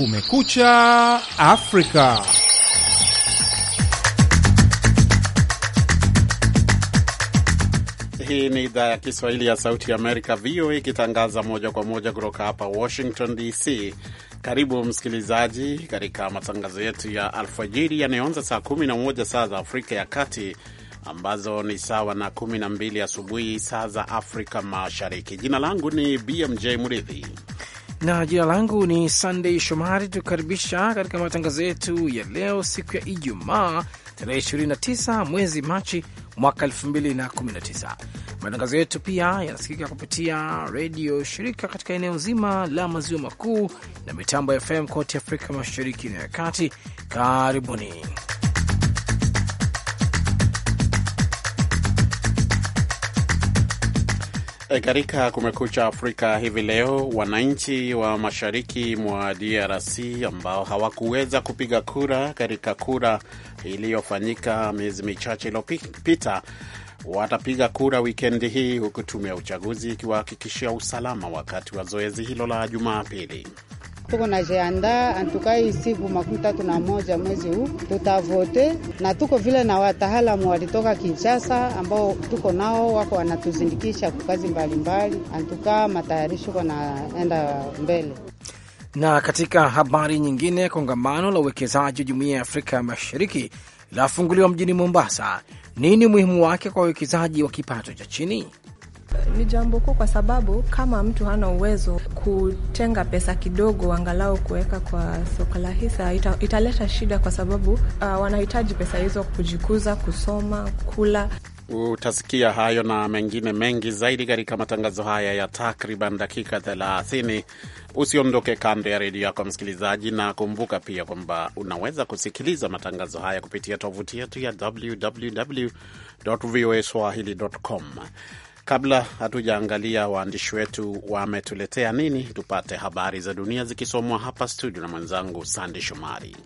Kumekucha Afrika. Hii ni idhaa ya Kiswahili ya Sauti ya Amerika, VOA, ikitangaza moja kwa moja kutoka hapa Washington DC. Karibu msikilizaji katika matangazo yetu ya alfajiri yanayoanza saa 11 saa za Afrika ya Kati, ambazo ni sawa na 12 asubuhi saa za Afrika Mashariki. Jina langu ni BMJ Murithi na jina langu ni Sunday Shomari. Tukukaribisha katika matangazo yetu ya leo, siku ya Ijumaa tarehe 29 mwezi Machi mwaka 2019. Matangazo yetu pia yanasikika kupitia redio shirika katika eneo zima la maziwa makuu na mitambo ya FM kote Afrika mashariki na ya kati. Karibuni. E, katika Kumekucha Afrika hivi leo, wananchi wa mashariki mwa DRC ambao hawakuweza kupiga kura katika kura iliyofanyika miezi michache iliyopita watapiga kura wikendi hii, huku tume ya uchaguzi ikiwahakikishia usalama wakati wa zoezi hilo la Jumapili tuko na jeanda antuka siku makumi tatu na moja mwezi huu tutavote, na tuko vile na wataalamu walitoka Kinshasa ambao tuko nao wako wanatuzindikisha kwa kazi mbalimbali, antukaa matayarisho kanaenda mbele. Na katika habari nyingine, kongamano la uwekezaji wa jumuiya ya Afrika ya Mashariki lafunguliwa mjini Mombasa. Nini umuhimu wake kwa wawekezaji wa kipato cha chini? Ni jambo kuu, kwa sababu kama mtu hana uwezo kutenga pesa kidogo, angalau kuweka kwa soko la hisa, ita, italeta shida, kwa sababu uh, wanahitaji pesa hizo kujikuza, kusoma, kula. Utasikia hayo na mengine mengi zaidi katika matangazo haya ya takriban dakika 30. Usiondoke kando ya redio yako msikilizaji, na kumbuka pia kwamba unaweza kusikiliza matangazo haya kupitia tovuti yetu ya www voa swahili.com. Kabla hatujaangalia waandishi wetu wametuletea nini, tupate habari za dunia zikisomwa hapa studio na mwenzangu Sande Shomari.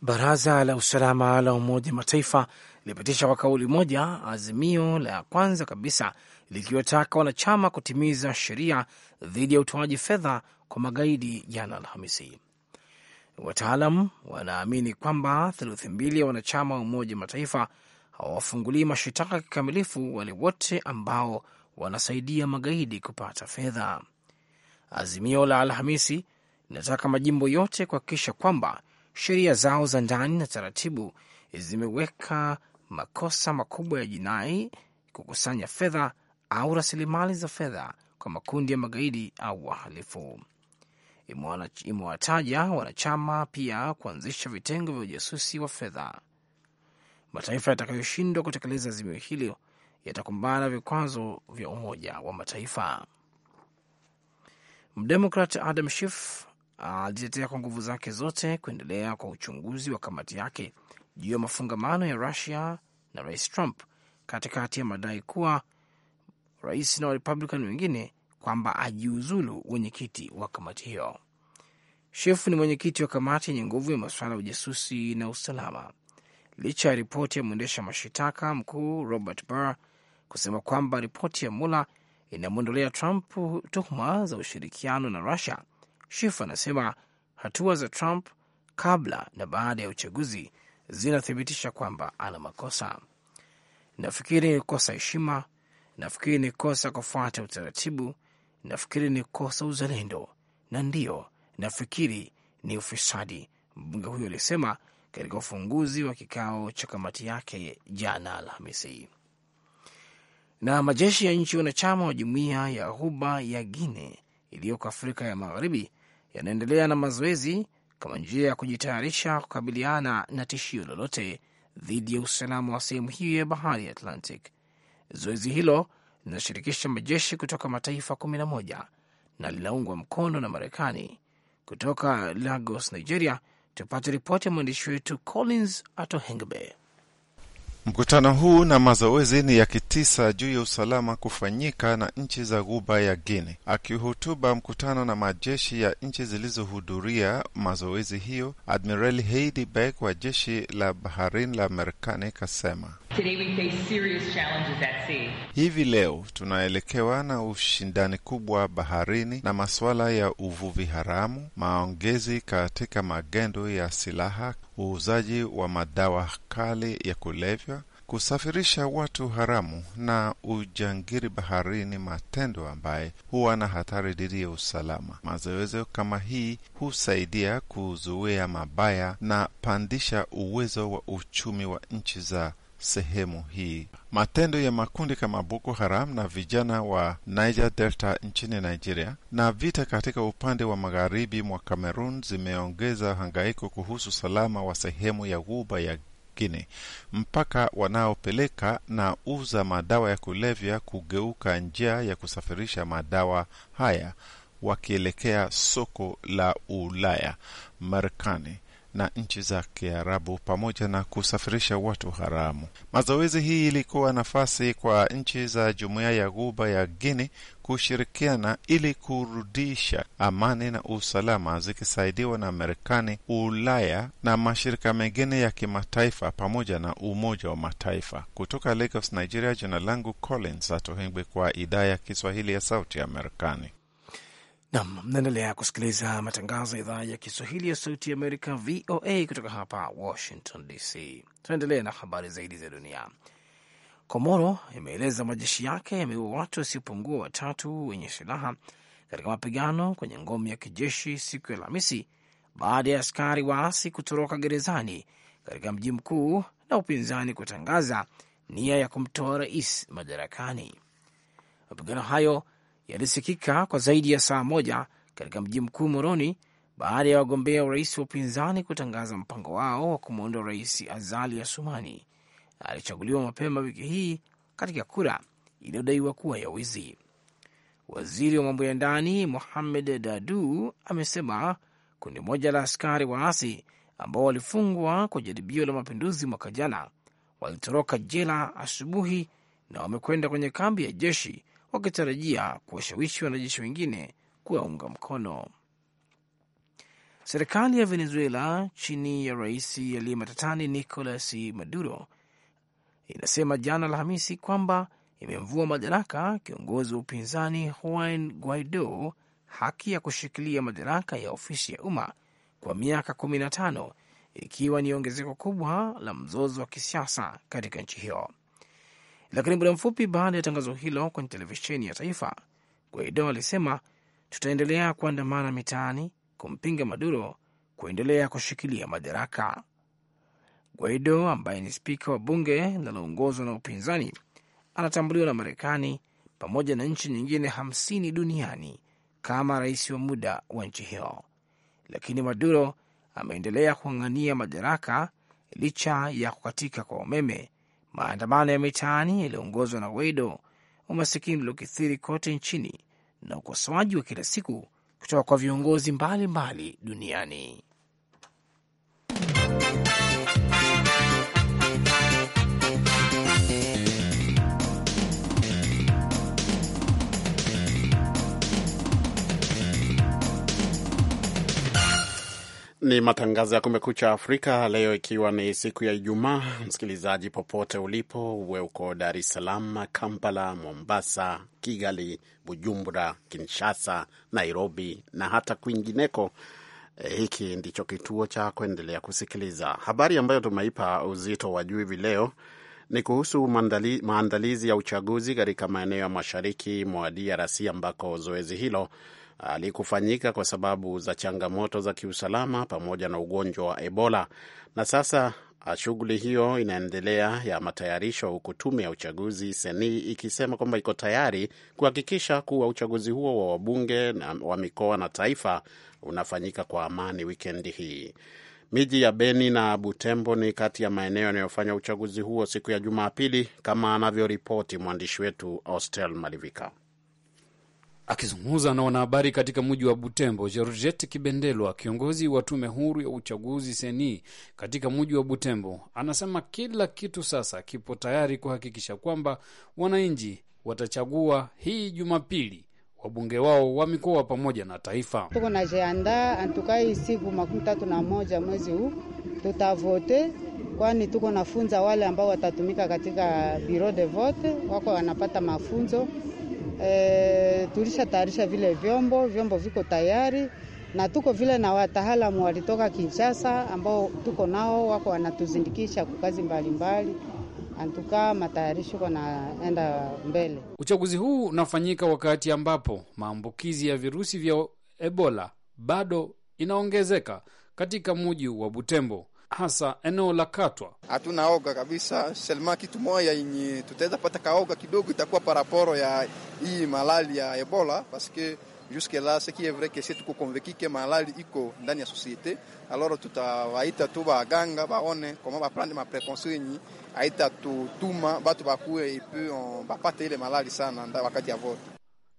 Baraza la usalama la Umoja Mataifa lilipitisha kwa kauli moja azimio la kwanza kabisa likiwataka wanachama kutimiza sheria dhidi ya utoaji fedha kwa magaidi jana Alhamisi. Wataalam wanaamini kwamba theluthi mbili ya wanachama wa Umoja Mataifa hawafungulii mashitaka kikamilifu wale wote ambao wanasaidia magaidi kupata fedha. Azimio la Alhamisi linataka majimbo yote kuhakikisha kwamba sheria zao za ndani na taratibu zimeweka makosa makubwa ya jinai kukusanya fedha au rasilimali za fedha kwa makundi ya magaidi au wahalifu imewataja wanachama pia kuanzisha vitengo vya ujasusi wa fedha. Mataifa yatakayoshindwa kutekeleza azimio hilo yatakumbana na vikwazo vya Umoja wa Mataifa. Mdemokrat Adam Schiff alitetea kwa nguvu zake zote kuendelea kwa uchunguzi wa kamati yake juu ya mafungamano ya Rusia na Rais Trump katikati ya madai kuwa rais na Warepublican wengine kwamba ajiuzulu wenyekiti wa kamati hiyo. Shefu ni mwenyekiti wa kamati yenye nguvu ya masuala ya ujasusi na usalama, licha ya ripoti ya mwendesha mashitaka mkuu Robert Barr kusema kwamba ripoti ya mula inamwondolea Trump tuhuma za ushirikiano na rusia Shefu anasema hatua za Trump kabla na baada ya uchaguzi zinathibitisha kwamba ana makosa. Nafikiri ni kosa heshima, nafikiri ni kosa kufuata utaratibu, nafikiri ni kosa uzalendo, na ndiyo nafikiri ni ufisadi, mbunge huyo alisema katika ufunguzi wa kikao cha kamati yake jana Alhamisi. Na majeshi ya nchi wanachama wa jumuiya ya Ghuba ya Guine iliyoko Afrika ya Magharibi yanaendelea na mazoezi kama njia ya kujitayarisha kukabiliana na tishio lolote dhidi ya usalama wa sehemu hiyo ya bahari ya Atlantic. Zoezi hilo linashirikisha majeshi kutoka mataifa 11 na linaungwa mkono na Marekani kutoka Lagos, Nigeria, tupate ripoti ya mwandishi wetu Collins Atohengbe. Mkutano huu na mazoezi ni ya kitisa juu ya usalama kufanyika na nchi za ghuba ya Guinea. Akihutuba mkutano na majeshi ya nchi zilizohudhuria mazoezi hiyo, Admirali Heidi Beck wa jeshi la baharini la Marekani kasema Today we face serious challenges at sea. Hivi leo tunaelekewa na ushindani kubwa baharini na masuala ya uvuvi haramu, maongezi katika magendo ya silaha, uuzaji wa madawa kali ya kulevya, kusafirisha watu haramu na ujangiri baharini, matendo ambaye huwa na hatari dhidi ya usalama. mazoezo kama hii husaidia kuzuia mabaya na pandisha uwezo wa uchumi wa nchi za sehemu hii. Matendo ya makundi kama Boko Haram na vijana wa Niger Delta nchini Nigeria na vita katika upande wa magharibi mwa Cameroon zimeongeza hangaiko kuhusu usalama wa sehemu ya ghuba ya guine mpaka wanaopeleka na uza madawa ya kulevya kugeuka njia ya kusafirisha madawa haya wakielekea soko la Ulaya, Marekani na nchi za Kiarabu pamoja na kusafirisha watu haramu. Mazoezi hii ilikuwa nafasi kwa nchi za jumuiya ya Ghuba ya guini kushirikiana ili kurudisha amani na usalama zikisaidiwa na Marekani, Ulaya na mashirika mengine ya kimataifa pamoja na Umoja wa Mataifa. Kutoka Lagos, Nigeria, jina langu Collins Atohengwi kwa idhaa ya Kiswahili ya Sauti ya Marekani. Nam, mnaendelea kusikiliza matangazo ya idhaa ya Kiswahili ya Sauti ya Amerika, VOA, kutoka hapa Washington DC. Tunaendelea na habari zaidi za dunia. Komoro imeeleza majeshi yake yameua watu wasiopungua watatu wenye silaha katika mapigano kwenye ngome ya kijeshi siku ya Alhamisi baada ya askari waasi kutoroka gerezani katika mji mkuu na upinzani kutangaza nia ya kumtoa rais madarakani. Mapigano hayo yalisikika kwa zaidi ya saa moja katika mji mkuu Moroni baada ya wagombea urais wa upinzani kutangaza mpango wao wa kumwondoa Rais Azali Asumani alichaguliwa mapema wiki hii katika kura iliyodaiwa kuwa ya wizi. Waziri wa mambo ya ndani Mohamed Dadu amesema kundi moja la askari waasi ambao walifungwa kwa jaribio la mapinduzi mwaka jana walitoroka jela asubuhi na wamekwenda kwenye kambi ya jeshi wakitarajia kuwashawishi wanajeshi wengine kuwaunga mkono. Serikali ya Venezuela chini ya rais aliye matatani Nicolas Maduro inasema jana Alhamisi kwamba imemvua madaraka kiongozi wa upinzani Juan Guaido haki ya kushikilia madaraka ya ofisi ya umma kwa miaka kumi na tano ikiwa ni ongezeko kubwa la mzozo wa kisiasa katika nchi hiyo. Lakini muda mfupi baada ya tangazo hilo kwenye televisheni ya taifa, Guaido alisema tutaendelea kuandamana mitaani kumpinga Maduro kuendelea kushikilia madaraka. Guaido ambaye ni spika wa bunge linaloongozwa na upinzani anatambuliwa na Marekani pamoja na nchi nyingine hamsini duniani kama rais wa muda wa nchi hiyo, lakini Maduro ameendelea kung'ang'ania madaraka licha ya kukatika kwa umeme maandamano ya mitaani yaliyoongozwa na Guaido, umasikini uliokithiri kote nchini na ukosoaji wa kila siku kutoka kwa viongozi mbalimbali mbali duniani. Ni matangazo ya Kumekucha Afrika leo, ikiwa ni siku ya Ijumaa. Msikilizaji popote ulipo, uwe uko Dar es Salaam, Kampala, Mombasa, Kigali, Bujumbura, Kinshasa, Nairobi na hata kwingineko, eh, hiki ndicho kituo cha kuendelea kusikiliza. Habari ambayo tumeipa uzito wa juu hivi leo ni kuhusu maandali, maandalizi ya uchaguzi katika maeneo ya mashariki mwa DRC ambako zoezi hilo alikufanyika kwa sababu za changamoto za kiusalama pamoja na ugonjwa wa Ebola, na sasa shughuli hiyo inaendelea ya matayarisho, huku tume ya uchaguzi seni ikisema kwamba iko tayari kuhakikisha kuwa uchaguzi huo wa wabunge na wa mikoa na taifa unafanyika kwa amani wikendi hii. Miji ya Beni na Butembo ni kati ya maeneo yanayofanya uchaguzi huo siku ya Jumapili, kama anavyoripoti mwandishi wetu Austel Malivika. Akizungumza na wanahabari katika mji wa Butembo, Georget Kibendelwa, kiongozi wa tume huru ya uchaguzi seni katika mji wa Butembo, anasema kila kitu sasa kipo tayari kuhakikisha kwamba wananchi watachagua hii Jumapili wabunge wao wa mikoa pamoja na taifa. Tuko najiandaa antukai siku makumi tatu na moja mwezi huu tutavote, kwani tuko nafunza wale ambao watatumika katika biro de vote, wako wanapata mafunzo E, eh, tulishatayarisha vile vyombo, vyombo viko tayari na tuko vile na wataalamu walitoka Kinshasa ambao tuko nao wako wanatuzindikisha kwa kazi mbalimbali antukaa matayarisho kanaenda mbele. Uchaguzi huu unafanyika wakati ambapo maambukizi ya virusi vya Ebola bado inaongezeka katika muji wa Butembo hasa eneo la Katwa. Hatuna oga kabisa, selma kitu moya yenye tutaweza pata kaoga kidogo itakuwa paraporo ya hii malali ya Ebola paske juske la seki evre kese tuko konvekike malali iko ndani ya sosiete, aloro tutawaita tu baganga baone koma baprande ma yenye aita tutuma batu bakuwe ipu bapate ile malali sana wakati ya vote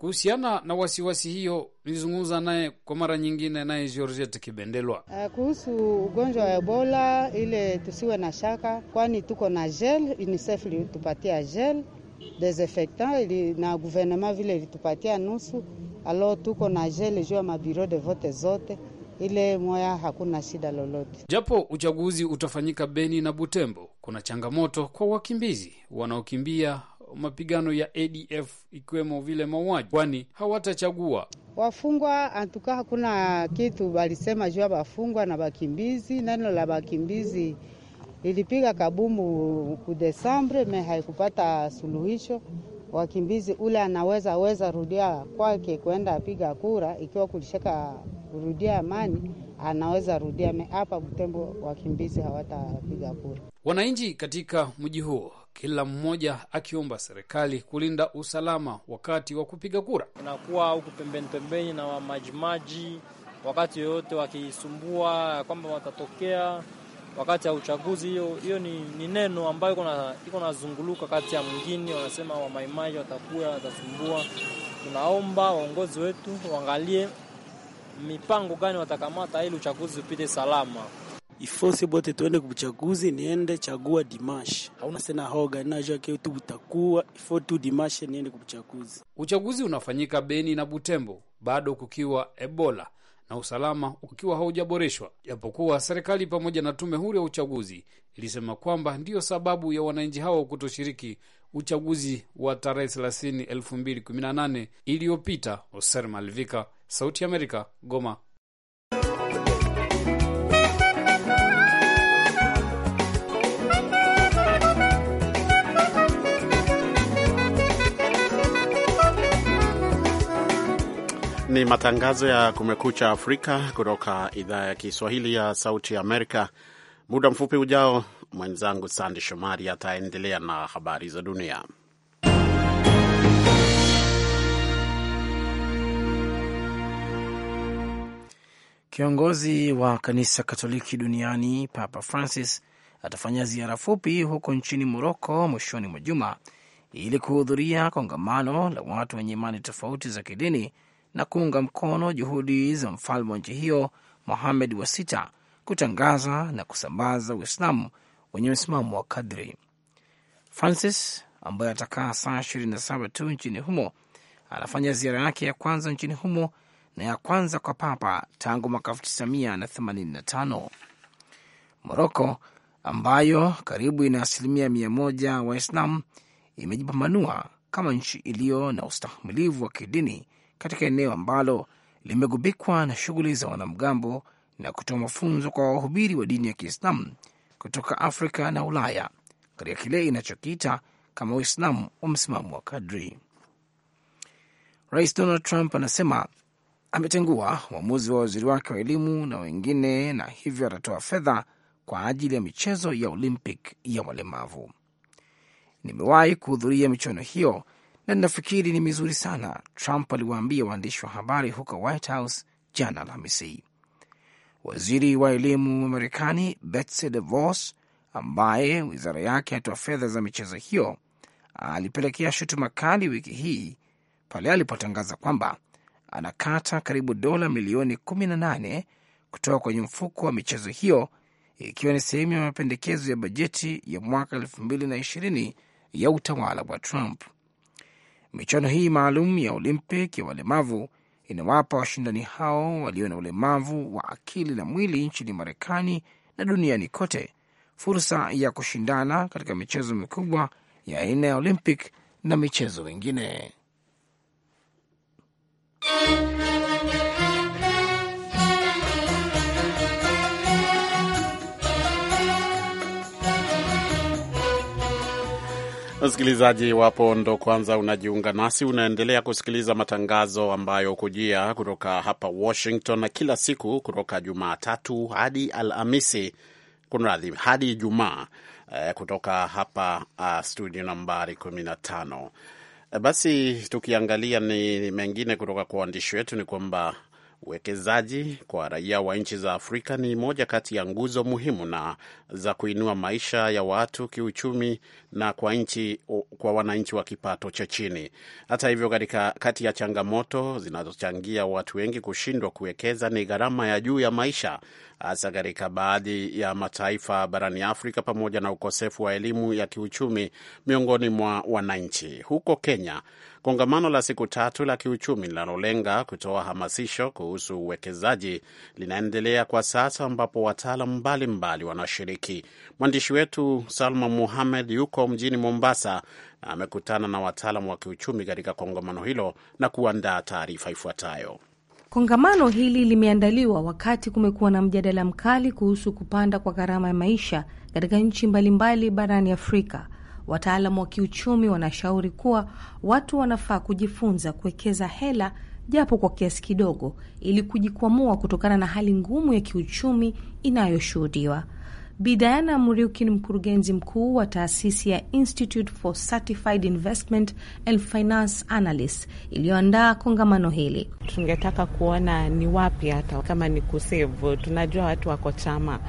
Kuhusiana na wasiwasi hiyo, nilizungumza naye kwa mara nyingine, naye Georgette Kibendelwa. Uh, kuhusu ugonjwa wa Ebola ile tusiwe na shaka, kwani tuko na gel. UNICEF ilitupatia gel desinfectant na guvernema vile ilitupatia nusu, alo tuko na gel juu ya mabiro de vote zote ile moya hakuna shida lolote. Japo uchaguzi utafanyika Beni na Butembo, kuna changamoto kwa wakimbizi wanaokimbia mapigano ya ADF ikiwemo vile mauaji, kwani hawatachagua wafungwa. Antuka hakuna kitu walisema juu ya wafungwa na wakimbizi. Neno la wakimbizi ilipiga kabumu kudesambre me haikupata suluhisho. Wakimbizi ule anaweza weza rudia kwake kwenda apiga kura, ikiwa kulishaka rudia amani anaweza rudia. Me hapa Butembo wakimbizi hawatapiga kura. Wananchi katika mji huo kila mmoja akiomba serikali kulinda usalama wakati wa kupiga kura. Unakuwa huku pembeni pembeni na wamajimaji, wakati yoyote wakisumbua kwamba watatokea wakati ya uchaguzi. Hiyo hiyo ni, ni neno ambayo iko nazunguluka kati ya mwingine, wanasema wamaimaji watakuwa watasumbua. Tunaomba waongozi wetu waangalie mipango gani watakamata ili uchaguzi upite salama ifose bote tuende kuchaguzi niende chagua Dimash. Hauna sena hoga naja tu utakuwa ifo tu Dimash niende kuchaguzi. Uchaguzi unafanyika Beni na Butembo bado kukiwa Ebola na usalama ukiwa haujaboreshwa, japokuwa serikali pamoja na tume huru ya uchaguzi ilisema kwamba ndiyo sababu ya wananchi hao kutoshiriki uchaguzi wa tarehe 30 2018 iliyopita. Oser Malvika, Sauti ya Amerika, Goma. Ni matangazo ya Kumekucha Afrika kutoka idhaa ya Kiswahili ya Sauti Amerika. Muda mfupi ujao, mwenzangu Sandi Shomari ataendelea na habari za dunia. Kiongozi wa kanisa Katoliki duniani Papa Francis atafanya ziara fupi huko nchini Moroko mwishoni mwa juma ili kuhudhuria kongamano la watu wenye imani tofauti za kidini na kuunga mkono juhudi za mfalme wa nchi hiyo Mohamed wa sita kutangaza na kusambaza Uislamu wenye msimamo wa kadri. Francis ambaye atakaa saa ishirini na saba tu nchini humo anafanya ziara yake ya kwanza nchini humo na ya kwanza kwa papa tangu mwaka 1985. Moroko ambayo karibu ina asilimia mia moja Waislamu imejipambanua kama nchi iliyo na ustahimilivu wa kidini katika eneo ambalo limegubikwa na shughuli za wanamgambo na kutoa mafunzo kwa wahubiri wa dini ya Kiislamu kutoka Afrika na Ulaya katika kile inachokiita kama Uislamu wa msimamo wa kadri. Rais Donald Trump anasema ametengua uamuzi wa waziri wake wa elimu na wengine, na hivyo atatoa fedha kwa ajili ya michezo ya Olympic ya walemavu. Nimewahi kuhudhuria michuano hiyo na ninafikiri ni mizuri sana, Trump aliwaambia waandishi wa habari huko White House jana Alhamisi. Waziri wa elimu wa Marekani Betsy DeVos, ambaye wizara yake atoa fedha za michezo hiyo, alipelekea shutuma kali wiki hii pale alipotangaza kwamba anakata karibu dola milioni 18 kutoka kwenye mfuko wa michezo hiyo ikiwa ni sehemu ya mapendekezo ya bajeti ya mwaka 2020 ya utawala wa Trump. Michuano hii maalum ya Olympic ya walemavu inawapa washindani hao walio na ulemavu wa akili na mwili nchini Marekani na duniani kote fursa ya kushindana katika michezo mikubwa ya aina ya Olympic na michezo mingine. Msikilizaji, wapo ndo kwanza unajiunga nasi, unaendelea kusikiliza matangazo ambayo kujia kutoka hapa Washington na kila siku kutoka Jumatatu hadi Alhamisi, kunradhi, hadi Ijumaa eh, kutoka hapa uh, studio nambari 15. Eh, basi tukiangalia ni mengine kutoka kwa waandishi wetu ni kwamba uwekezaji kwa raia wa nchi za Afrika ni moja kati ya nguzo muhimu na za kuinua maisha ya watu kiuchumi na kwa nchi, kwa wananchi wa kipato cha chini. Hata hivyo, katika kati ya changamoto zinazochangia watu wengi kushindwa kuwekeza ni gharama ya juu ya maisha, hasa katika baadhi ya mataifa barani Afrika, pamoja na ukosefu wa elimu ya kiuchumi miongoni mwa wananchi. Huko Kenya, kongamano la siku tatu la kiuchumi linalolenga kutoa hamasisho kuhusu uwekezaji linaendelea kwa sasa, ambapo wataalam mbalimbali wanashiriki. Mwandishi wetu Salma Muhamed yuko yuko mjini Mombasa na amekutana na wataalamu wa kiuchumi katika kongamano hilo na kuandaa taarifa ifuatayo. Kongamano hili limeandaliwa wakati kumekuwa na mjadala mkali kuhusu kupanda kwa gharama ya maisha katika nchi mbalimbali barani Afrika. Wataalamu wa kiuchumi wanashauri kuwa watu wanafaa kujifunza kuwekeza hela japo kwa kiasi kidogo, ili kujikwamua kutokana na hali ngumu ya kiuchumi inayoshuhudiwa. Bi Diana Muriuki ni mkurugenzi mkuu wa taasisi ya Institute for Certified Investment and Finance Analysts iliyoandaa kongamano hili. Tungetaka kuona ni wapi hata kama ni kusevu, tunajua watu wako chama,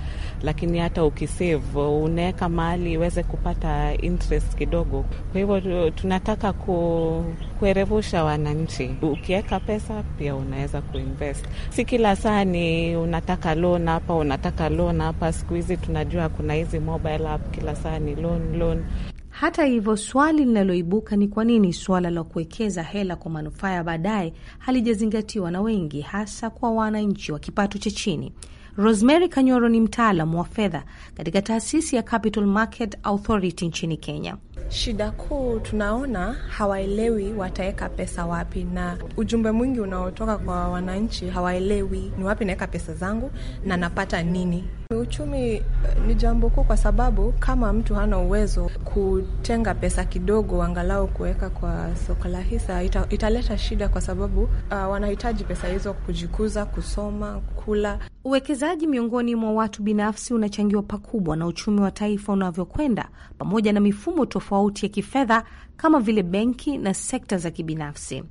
lakini hata ukisevu unaweka mahali iweze kupata interest kidogo. Kwa hivyo tunataka ku, kuerevusha wananchi, ukiweka pesa pia unaweza kuinvest. Si kila saa ni unataka loan hapa, unataka loan hapa, siku hizi tuna unajua kuna hizi mobile app kila saa ni loan loan. Hata hivyo swali linaloibuka ni kwa nini suala la kuwekeza hela kwa manufaa ya baadaye halijazingatiwa na wengi, hasa kwa wananchi wa kipato cha chini. Rosemary Kanyoro ni mtaalamu wa fedha katika taasisi ya Capital Market Authority nchini Kenya. Shida kuu tunaona hawaelewi wataweka pesa wapi, na ujumbe mwingi unaotoka kwa wananchi hawaelewi ni wapi naweka pesa zangu na napata nini. Uchumi eh, ni jambo kuu, kwa sababu kama mtu hana uwezo kutenga pesa kidogo, angalau kuweka kwa soko la hisa, ita, italeta shida, kwa sababu uh, wanahitaji pesa hizo kujikuza, kusoma, kula. Uwekezaji miongoni mwa watu binafsi unachangiwa pakubwa na uchumi wa taifa unavyokwenda, pamoja na mifumo tofauti tofauti ya kifedha kama vile benki na sekta za kibinafsi.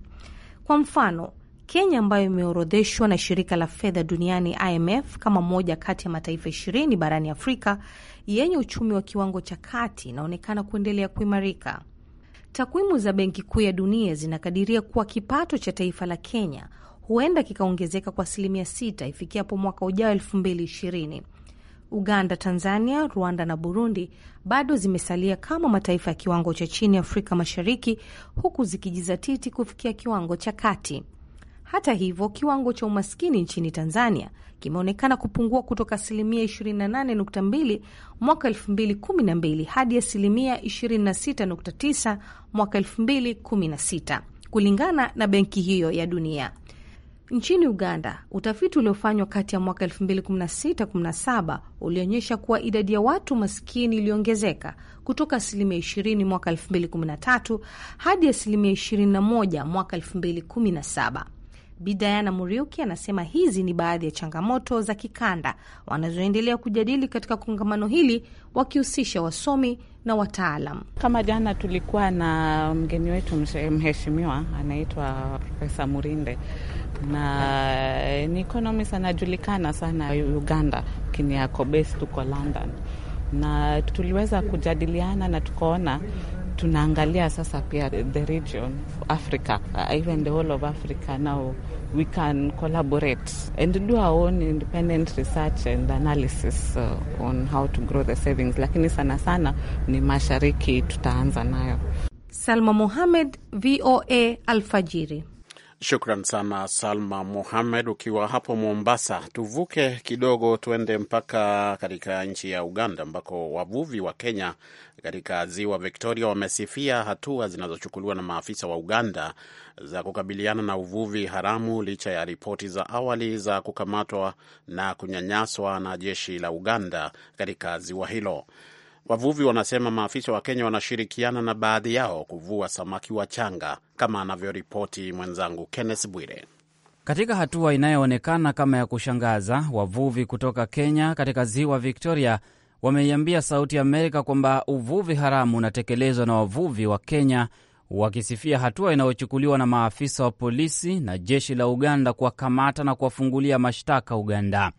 Kwa mfano, Kenya ambayo imeorodheshwa na shirika la fedha duniani IMF kama moja kati ya mataifa ishirini barani Afrika yenye uchumi wa kiwango cha kati inaonekana kuendelea kuimarika. Takwimu za Benki Kuu ya Dunia zinakadiria kuwa kipato cha taifa la Kenya huenda kikaongezeka kwa asilimia sita ifikiapo mwaka ujao elfu mbili ishirini Uganda, Tanzania, Rwanda na Burundi bado zimesalia kama mataifa ya kiwango cha chini Afrika Mashariki, huku zikijizatiti kufikia kiwango cha kati. Hata hivyo, kiwango cha umaskini nchini Tanzania kimeonekana kupungua kutoka asilimia 28.2 mwaka 2012 hadi asilimia 26.9 mwaka 2016 kulingana na Benki hiyo ya Dunia. Nchini Uganda, utafiti uliofanywa kati ya mwaka 2016-17 ulionyesha kuwa idadi ya watu maskini iliongezeka kutoka asilimia 20 mwaka 2013 hadi asilimia 21 mwaka 2017. Bidayana Muriuki anasema hizi ni baadhi ya changamoto za kikanda wanazoendelea kujadili katika kongamano hili wakihusisha wasomi na wataalam. Kama jana tulikuwa na mgeni wetu mheshimiwa anaitwa Profesa Murinde na eh, ni sana anajulikana sana Uganda, Kiniako base, tuko London na tuliweza kujadiliana na tukaona tunaangalia sasa pia the region of Africa uh, even the whole of Africa now we can collaborate and do our own independent research and analysis uh, on how to grow the savings, lakini sana sana ni mashariki tutaanza nayo. Salma Mohamed, VOA Alfajiri. Shukran sana Salma Muhamed, ukiwa hapo Mombasa. Tuvuke kidogo tuende mpaka katika nchi ya Uganda, ambako wavuvi wa Kenya katika ziwa Victoria wamesifia hatua zinazochukuliwa na maafisa wa Uganda za kukabiliana na uvuvi haramu, licha ya ripoti za awali za kukamatwa na kunyanyaswa na jeshi la Uganda katika ziwa hilo. Wavuvi wanasema maafisa wa Kenya wanashirikiana na baadhi yao kuvua samaki wachanga, kama anavyoripoti mwenzangu Kenneth Bwire. Katika hatua inayoonekana kama ya kushangaza, wavuvi kutoka Kenya katika ziwa Victoria wameiambia Sauti Amerika kwamba uvuvi haramu unatekelezwa na wavuvi wa Kenya, wakisifia hatua inayochukuliwa na maafisa wa polisi na jeshi la Uganda kuwakamata na kuwafungulia mashtaka Uganda.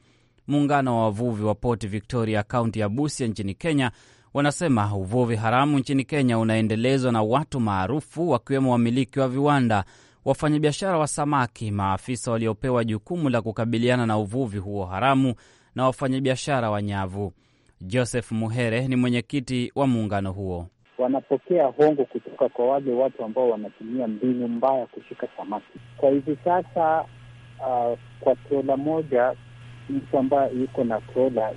Muungano wa wavuvi wa Port Victoria, kaunti ya Busia nchini Kenya, wanasema uvuvi haramu nchini Kenya unaendelezwa na watu maarufu, wakiwemo wamiliki wa viwanda, wafanyabiashara wa samaki, maafisa waliopewa jukumu la kukabiliana na uvuvi huo haramu na wafanyabiashara wa nyavu. Joseph Muhere ni mwenyekiti wa muungano huo. Wanapokea hongo kutoka kwa wale watu ambao wanatumia mbinu mbaya kushika samaki. Kwa hivi sasa, uh, kwa trola moja mtu ambaye yuko na trola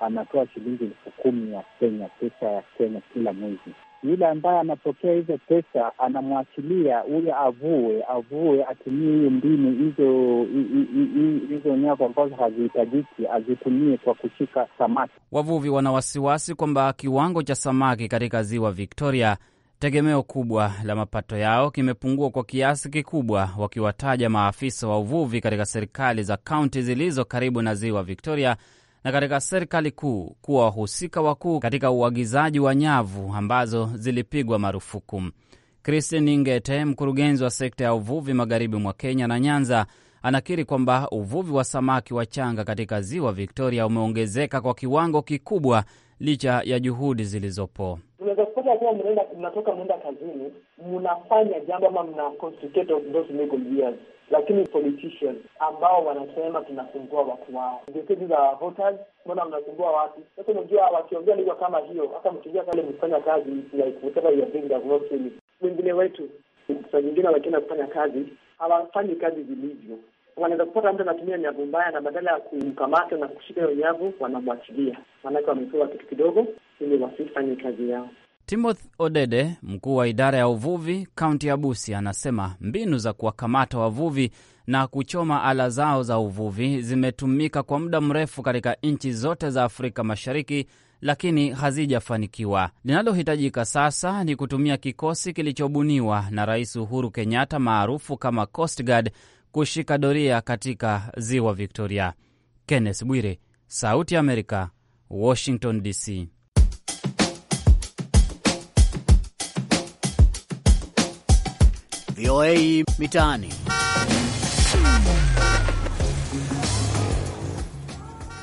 anatoa shilingi elfu kumi ya Kenya, pesa ya Kenya kila mwezi. Yule ambaye anapokea hizo pesa anamwachilia huyo avue, avue atumie hiyo mbinu hizo hizo nyavu ambazo hazihitajiki, azitumie kwa kushika samaki. Wavuvi wana wasiwasi kwamba kiwango cha samaki katika ziwa Victoria, tegemeo kubwa la mapato yao, kimepungua kwa kiasi kikubwa, wakiwataja maafisa wa uvuvi katika serikali za kaunti zilizo karibu na ziwa Victoria na katika serikali kuu kuwa wahusika wakuu katika uagizaji wa nyavu ambazo zilipigwa marufuku. Christine ningete mkurugenzi wa sekta ya uvuvi magharibi mwa Kenya na Nyanza, anakiri kwamba uvuvi wa samaki wa changa katika ziwa Victoria umeongezeka kwa kiwango kikubwa licha ya juhudi zilizopo. Unaweza kupata kuwa mnatoka mwenda kazini, mnafanya jambo ama mna lakini politicians ambao wanasema tunasumbua watu wao, message za voters, mbona mnasumbua watu? Sasa unajua, wakiongea lugha kama hiyo, hata mkiingia pale mkifanya kazi, like whatever Wengine wetu saa nyingine wakienda kufanya kazi hawafanyi kazi vilivyo. Wanaweza kupata mtu anatumia nyavu mbaya, na badala ya kumkamata na kushika hiyo nyavu wanamwachilia, maanake wamepewa kitu kidogo ili wasifanye kazi yao. Timothy Odede, mkuu wa idara ya uvuvi kaunti ya Busia, anasema mbinu za kuwakamata wavuvi na kuchoma ala zao za uvuvi zimetumika kwa muda mrefu katika nchi zote za Afrika Mashariki, lakini hazijafanikiwa. Linalohitajika sasa ni kutumia kikosi kilichobuniwa na Rais Uhuru Kenyatta maarufu kama Coast Guard kushika doria katika ziwa Victoria. Kenneth Bwire, Sauti ya Amerika, Washington DC. VOA Mitaani.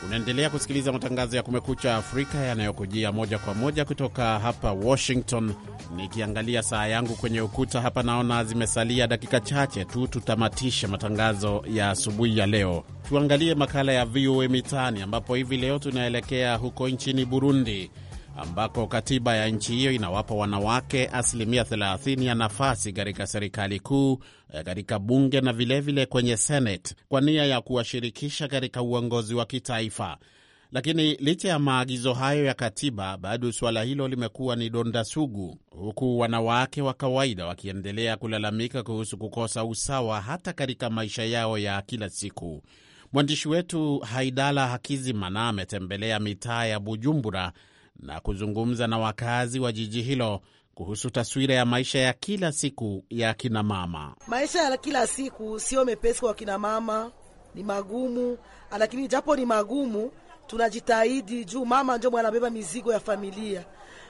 Unaendelea kusikiliza matangazo ya Kumekucha Afrika yanayokujia moja kwa moja kutoka hapa Washington. Nikiangalia saa yangu kwenye ukuta hapa, naona zimesalia dakika chache tu tutamatishe matangazo ya asubuhi ya leo. Tuangalie makala ya VOA Mitaani, ambapo hivi leo tunaelekea huko nchini Burundi ambako katiba ya nchi hiyo inawapa wanawake asilimia 30 ya nafasi katika serikali kuu, eh, katika bunge na vilevile vile kwenye Senate kwa nia ya kuwashirikisha katika uongozi wa kitaifa. Lakini licha ya maagizo hayo ya katiba, bado suala hilo limekuwa ni donda sugu, huku wanawake wa kawaida wakiendelea kulalamika kuhusu kukosa usawa hata katika maisha yao ya kila siku. Mwandishi wetu Haidala Hakizimana ametembelea mitaa ya Bujumbura na kuzungumza na wakazi wa jiji hilo kuhusu taswira ya maisha ya kila siku ya kinamama. Maisha ya kila siku sio mepesi kwa kinamama, ni magumu, lakini japo ni magumu, tunajitahidi juu mama njo mwanabeba mizigo ya familia.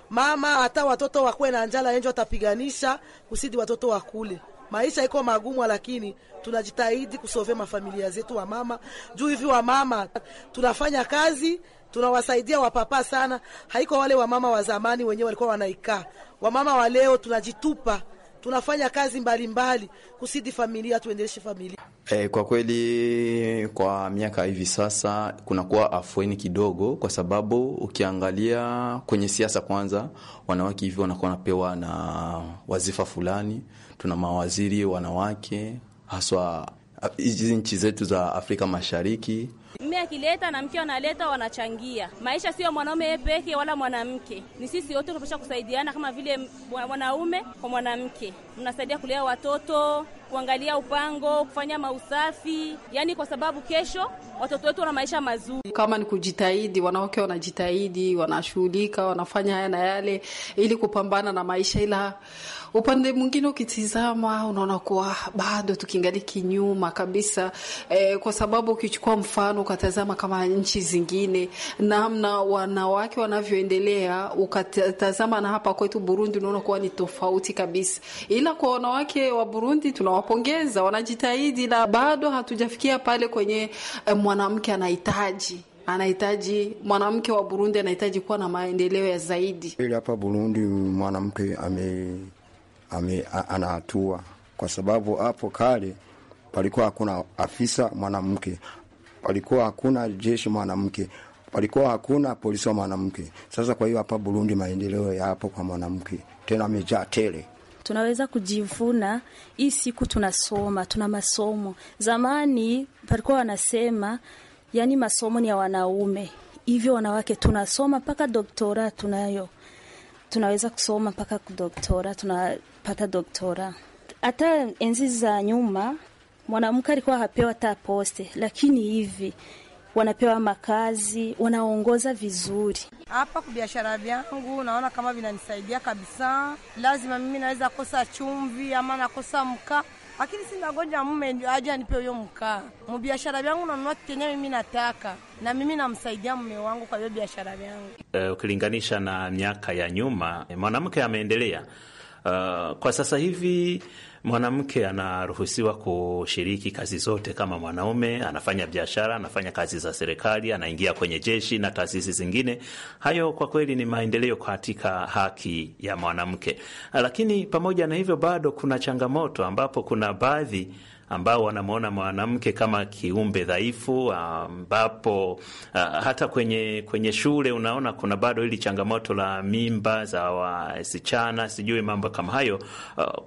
Mama hata watoto wakuwe na njala enjo atapiganisha kusidi watoto wakule. Maisha iko magumu, lakini tunajitahidi kusovea mafamilia zetu wamama juu hivi wamama tunafanya kazi tunawasaidia wapapa sana, haiko wale wamama wa zamani wenyewe walikuwa wanaikaa. Wamama wa leo tunajitupa, tunafanya kazi mbalimbali mbali, kusidi familia tuendeleshe familia. E, kwa kweli kwa miaka hivi sasa kunakuwa afueni kidogo, kwa sababu ukiangalia kwenye siasa kwanza, wanawake hivi wanakuwa wanapewa na wazifa fulani. Tuna mawaziri wanawake haswa hizi nchi zetu za Afrika Mashariki. Mimi akileta na mke wanaleta, wanachangia maisha, sio mwanaume yeye pekee wala mwanamke, ni sisi wote tunapaswa kusaidiana, kama vile mwanaume kwa mwanamke, mnasaidia kulea watoto, kuangalia upango, kufanya mausafi, yani kwa sababu kesho watoto wetu wana maisha mazuri. Kama ni kujitahidi, wanawake wanajitahidi, wanashughulika, wanafanya haya na yale ili kupambana na maisha, ila Upande mwingine ukitizama, unaona kuwa bado tukiangali kinyuma kabisa eh, kwa sababu ukichukua mfano ukatazama kama nchi zingine, namna wanawake wanavyoendelea, ukatazama na hapa kwetu Burundi, unaona kuwa ni tofauti kabisa. Ila kwa wanawake wa Burundi tunawapongeza, wanajitahidi, na bado hatujafikia pale kwenye eh, mwanamke anahitaji anahitaji mwanamke wa Burundi anahitaji kuwa na maendeleo ya zaidi. Ili hapa Burundi mwanamke ame anatua, kwa sababu hapo kale palikuwa hakuna afisa mwanamke, palikuwa hakuna jeshi mwanamke, palikuwa hakuna polisi wa mwanamke. Sasa kwa hiyo hapa Burundi maendeleo yapo kwa mwanamke, tena amejaa tele tunaweza kujivuna hii siku, tunasoma tuna masomo. Zamani palikuwa wanasema yani masomo ni ya wanaume, hivyo wanawake tunasoma mpaka doktora tunayo, tunaweza kusoma mpaka kudoktora tunapata doktora. Hata enzi za nyuma mwanamke alikuwa hapewa hata poste, lakini hivi wanapewa makazi, wanaongoza vizuri. Hapa kwa biashara vyangu naona kama vinanisaidia kabisa. Lazima mimi naweza kosa chumvi ama nakosa mkaa lakini sinangoja mume ndio aje anipe huyo mkaa. Mubiashara vyangu nanunua kenye mimi nataka, na mimi namsaidia mume wangu kwa hiyo biashara vyangu. Uh, ukilinganisha na miaka ya nyuma eh, mwanamke ameendelea. Uh, kwa sasa hivi mwanamke anaruhusiwa kushiriki kazi zote kama mwanaume. Anafanya biashara, anafanya kazi za serikali, anaingia kwenye jeshi na taasisi zingine. Hayo kwa kweli ni maendeleo katika haki ya mwanamke, lakini pamoja na hivyo bado kuna changamoto ambapo kuna baadhi ambao wanamwona mwanamke kama kiumbe dhaifu, ambapo hata kwenye, kwenye shule unaona kuna bado hili changamoto la mimba za wasichana, sijui mambo kama hayo.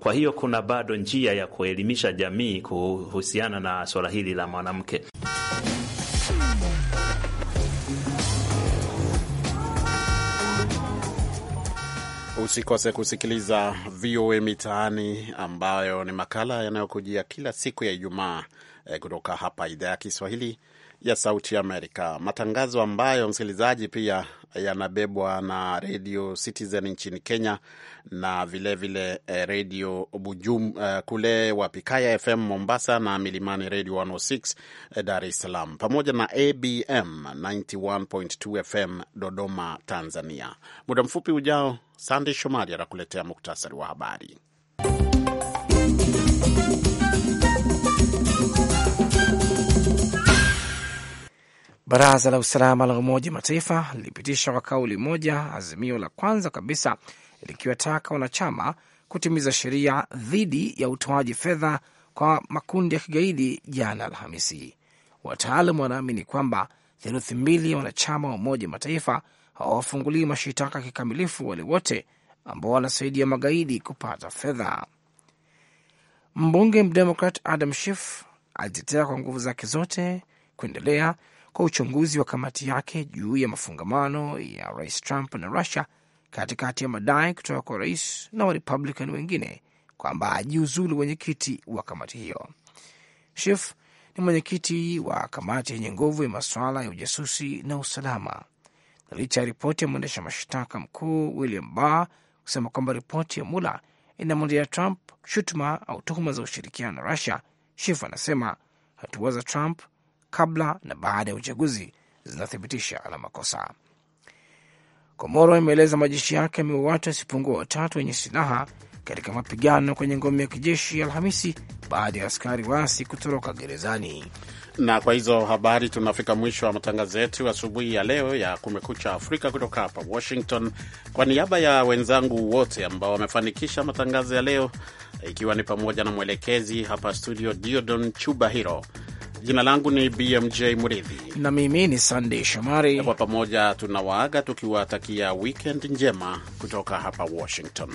Kwa hiyo kuna bado njia ya kuelimisha jamii kuhusiana na swala hili la mwanamke. Usikose kusikiliza VOA Mitaani, ambayo ni makala yanayokujia kila siku ya Ijumaa eh, kutoka hapa idhaa ya Kiswahili ya Sauti Amerika, matangazo ambayo msikilizaji pia yanabebwa na Radio Citizen nchini Kenya na vilevile vile eh, Radio Bujum eh, kule Wapikaya FM Mombasa na Milimani Radio 106 eh, Dar es Salaam pamoja na ABM 91.2 FM Dodoma, Tanzania. Muda mfupi ujao, Sandi Shomari atakuletea muktasari wa habari. Baraza la usalama la Umoja Mataifa lilipitisha kwa kauli moja azimio la kwanza kabisa likiwataka wanachama kutimiza sheria dhidi ya utoaji fedha kwa makundi ya kigaidi jana Alhamisi. Wataalam wanaamini kwamba theluthi mbili ya wanachama wa Umoja Mataifa hawafungulii mashitaka kikamilifu wale wote ambao wanasaidia magaidi kupata fedha. Mbunge Mdemokrat Adam Schiff alitetea kwa nguvu zake zote kuendelea kwa uchunguzi wa kamati yake juu ya mafungamano ya rais Trump na Russia katikati ya madai kutoka kwa rais na Warepublican wengine kwamba ajiuzulu mwenyekiti wa kamati hiyo. Schiff ni mwenyekiti wa kamati yenye nguvu ya masuala ya ujasusi na usalama, na licha ya ripoti ya mwendesha mashtaka mkuu William Barr kusema kwamba ripoti ya mula inamwendea Trump shutuma au tuhuma za ushirikiano na Russia, Schiff anasema hatua za Trump kabla na baada ya uchaguzi zinathibitisha ana makosa. Komoro imeeleza majeshi yake yameuwata asipungua watatu wenye silaha katika mapigano kwenye ngome ya kijeshi Alhamisi baada ya askari waasi kutoroka gerezani. Na kwa hizo habari tunafika mwisho wa matangazo yetu asubuhi ya leo ya Kumekucha Afrika kutoka hapa Washington. Kwa niaba ya wenzangu wote ambao wamefanikisha matangazo ya leo, ikiwa ni pamoja na mwelekezi hapa studio Diodon Chuba Hiro, Jina langu ni BMJ Mridhi na mimi ni Sandey Shomari. Kwa pamoja tunawaaga tukiwatakia wikend njema kutoka hapa Washington.